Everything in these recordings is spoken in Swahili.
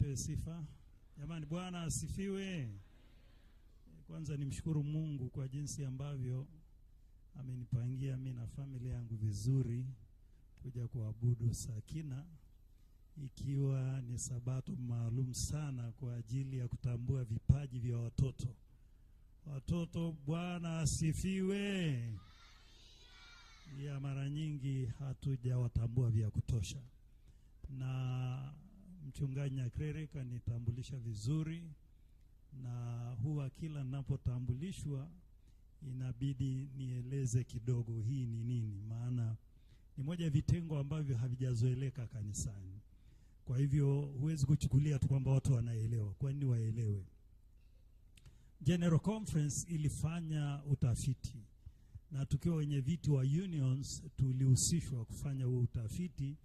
apewe sifa. Jamani, Bwana asifiwe. Kwanza nimshukuru Mungu kwa jinsi ambavyo amenipangia mimi na familia yangu vizuri kuja kuabudu Sakina, ikiwa ni sabato maalum sana kwa ajili ya kutambua vipaji vya watoto. Watoto, Bwana asifiwe. Ya mara nyingi hatujawatambua vya kutosha, na Mchungaji Nyakrere kanitambulisha vizuri, na huwa kila ninapotambulishwa inabidi nieleze kidogo hii ni nini, maana ni moja ya vitengo ambavyo havijazoeleka kanisani. Kwa hivyo huwezi kuchukulia tu kwamba watu wanaelewa. Kwa nini waelewe? General Conference ilifanya utafiti na tukiwa wenye viti wa unions tulihusishwa kufanya huo utafiti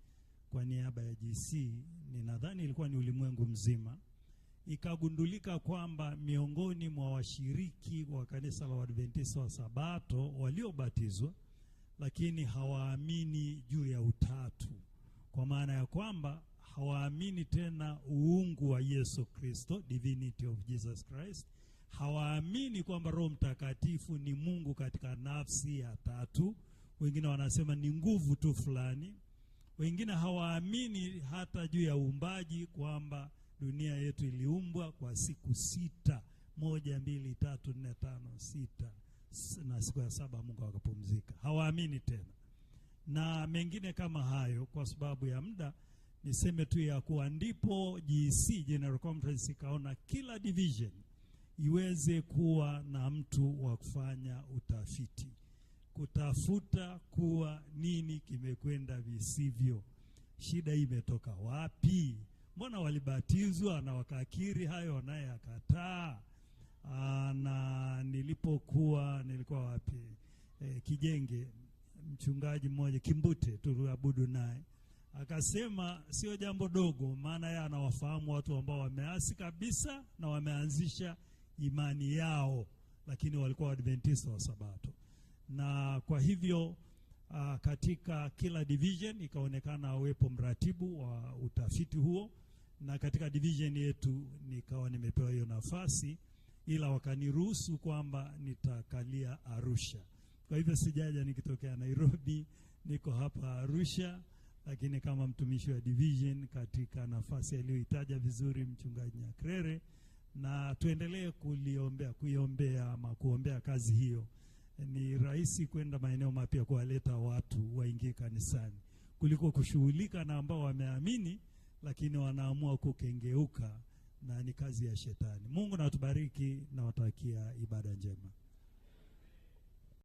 kwa niaba ya GC nadhani ilikuwa ni ulimwengu mzima, ikagundulika kwamba miongoni mwa washiriki wa kanisa la Waadventista wa Sabato waliobatizwa, lakini hawaamini juu ya utatu, kwa maana ya kwamba hawaamini tena uungu wa Yesu Kristo, divinity of Jesus Christ. Hawaamini kwamba Roho Mtakatifu ni Mungu katika nafsi ya tatu. Wengine wanasema ni nguvu tu fulani wengine hawaamini hata juu ya uumbaji kwamba dunia yetu iliumbwa kwa siku sita, moja, mbili, tatu, nne, tano, sita, na siku ya saba Mungu akapumzika. Hawaamini tena, na mengine kama hayo. Kwa sababu ya muda, niseme tu ya kuwa ndipo GC, General Conference, ikaona kila division iweze kuwa na mtu wa kufanya utafiti kutafuta kuwa nini kimekwenda visivyo, shida imetoka wapi? Mbona walibatizwa na wakakiri hayo naye akataa Na nilipokuwa nilikuwa wapi, e, Kijenge, mchungaji mmoja Kimbute tuliabudu naye akasema sio jambo dogo, maana yeye anawafahamu watu ambao wameasi kabisa na wameanzisha imani yao, lakini walikuwa Waadventista wa Sabato na kwa hivyo uh, katika kila division ikaonekana awepo mratibu wa utafiti huo, na katika division yetu nikawa nimepewa hiyo nafasi, ila wakaniruhusu kwamba nitakalia Arusha. Kwa hivyo sijaja nikitokea Nairobi, niko hapa Arusha, lakini kama mtumishi wa division katika nafasi aliyoitaja vizuri mchungaji Nyakrere, na tuendelee kuliombea kuiombea ama kuombea kazi hiyo ni rahisi kwenda maeneo mapya kuwaleta watu waingie kanisani kuliko kushughulika na ambao wameamini lakini wanaamua kukengeuka, na ni kazi ya Shetani. Mungu na watubariki na watakia ibada njema.